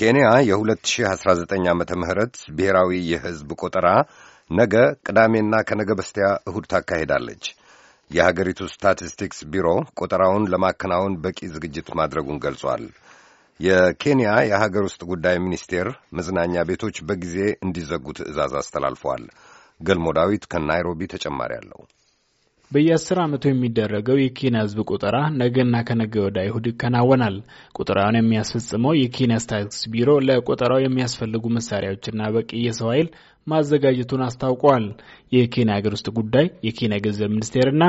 ኬንያ የ2019 ዓ ምህረት ብሔራዊ የሕዝብ ቆጠራ ነገ ቅዳሜና ከነገ በስቲያ እሁድ ታካሂዳለች። የሀገሪቱ ስታቲስቲክስ ቢሮ ቆጠራውን ለማከናወን በቂ ዝግጅት ማድረጉን ገልጿል። የኬንያ የሀገር ውስጥ ጉዳይ ሚኒስቴር መዝናኛ ቤቶች በጊዜ እንዲዘጉ ትዕዛዝ አስተላልፈዋል። ገልሞ ዳዊት ከናይሮቢ ተጨማሪ አለው። በየአስር ዓመቱ የሚደረገው የኬንያ ህዝብ ቁጠራ ነገና ከነገ ወደ አይሁድ ይከናወናል። ቁጠራውን የሚያስፈጽመው የኬንያ ስታክስ ቢሮ ለቁጠራው የሚያስፈልጉ መሳሪያዎችና በቂ የሰው ኃይል ማዘጋጀቱን አስታውቋል። የኬንያ ሀገር ውስጥ ጉዳይ፣ የኬንያ ገንዘብ ሚኒስቴርና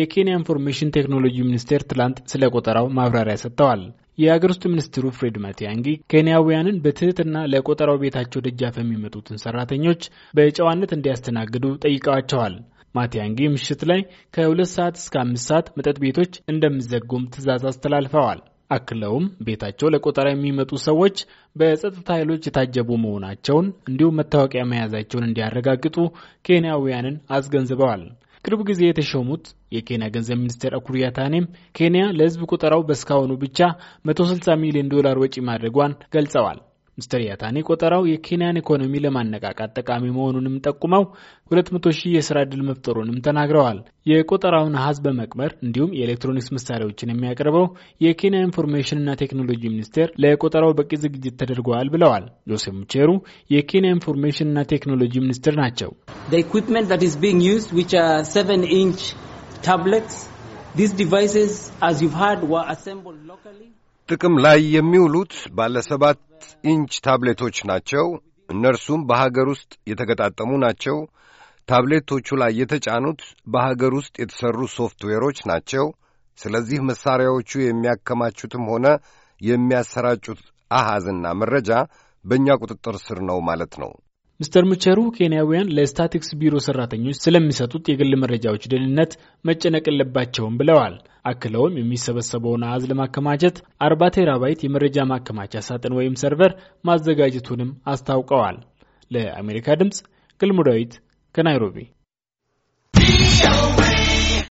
የኬንያ ኢንፎርሜሽን ቴክኖሎጂ ሚኒስቴር ትላንት ስለ ቁጠራው ማብራሪያ ሰጥተዋል። የሀገር ውስጥ ሚኒስትሩ ፍሬድ ማቲያንጊ ኬንያውያንን በትህትና ለቆጠራው ቤታቸው ደጃፍ የሚመጡትን ሰራተኞች በጨዋነት እንዲያስተናግዱ ጠይቀዋቸዋል። ማቲያንጊ ምሽት ላይ ከሁለት ሰዓት እስከ አምስት ሰዓት መጠጥ ቤቶች እንደሚዘጉም ትዕዛዝ አስተላልፈዋል። አክለውም ቤታቸው ለቆጠራ የሚመጡ ሰዎች በጸጥታ ኃይሎች የታጀቡ መሆናቸውን እንዲሁም መታወቂያ መያዛቸውን እንዲያረጋግጡ ኬንያውያንን አስገንዝበዋል። ቅርብ ጊዜ የተሾሙት የኬንያ ገንዘብ ሚኒስትር አኩሪያ ታኔም ኬንያ ለሕዝብ ቆጠራው በእስካሁኑ ብቻ 160 ሚሊዮን ዶላር ወጪ ማድረጓን ገልጸዋል። ሚስተር ያታኔ ቆጠራው የኬንያን ኢኮኖሚ ለማነቃቃት ጠቃሚ መሆኑንም ጠቁመው 200 ሺህ የስራ ዕድል መፍጠሩንም ተናግረዋል። የቆጠራውን አሃዝ በመቅመር እንዲሁም የኤሌክትሮኒክስ መሳሪያዎችን የሚያቀርበው የኬንያ ኢንፎርሜሽንና ቴክኖሎጂ ሚኒስቴር ለቆጠራው በቂ ዝግጅት ተደርገዋል ብለዋል። ጆሴፍ ሙቼሩ የኬንያ ኢንፎርሜሽንና ቴክኖሎጂ ሚኒስትር ናቸው። ታብሌትስ ዲቫይስስ ጥቅም ላይ የሚውሉት ባለ ሰባት ኢንች ታብሌቶች ናቸው። እነርሱም በሀገር ውስጥ የተገጣጠሙ ናቸው። ታብሌቶቹ ላይ የተጫኑት በሀገር ውስጥ የተሠሩ ሶፍትዌሮች ናቸው። ስለዚህ መሣሪያዎቹ የሚያከማቹትም ሆነ የሚያሰራጩት አሐዝና መረጃ በእኛ ቁጥጥር ስር ነው ማለት ነው። ሚስተር ሙቸሩ ኬንያውያን ለስታቲክስ ቢሮ ሠራተኞች ስለሚሰጡት የግል መረጃዎች ደህንነት መጨነቅ የለባቸውም ብለዋል። አክለውም የሚሰበሰበውን አሃዝ ለማከማቸት አርባ ቴራባይት የመረጃ ማከማቻ ሳጥን ወይም ሰርቨር ማዘጋጀቱንም አስታውቀዋል። ለአሜሪካ ድምፅ ግልሙዳዊት ዳዊት ከናይሮቢ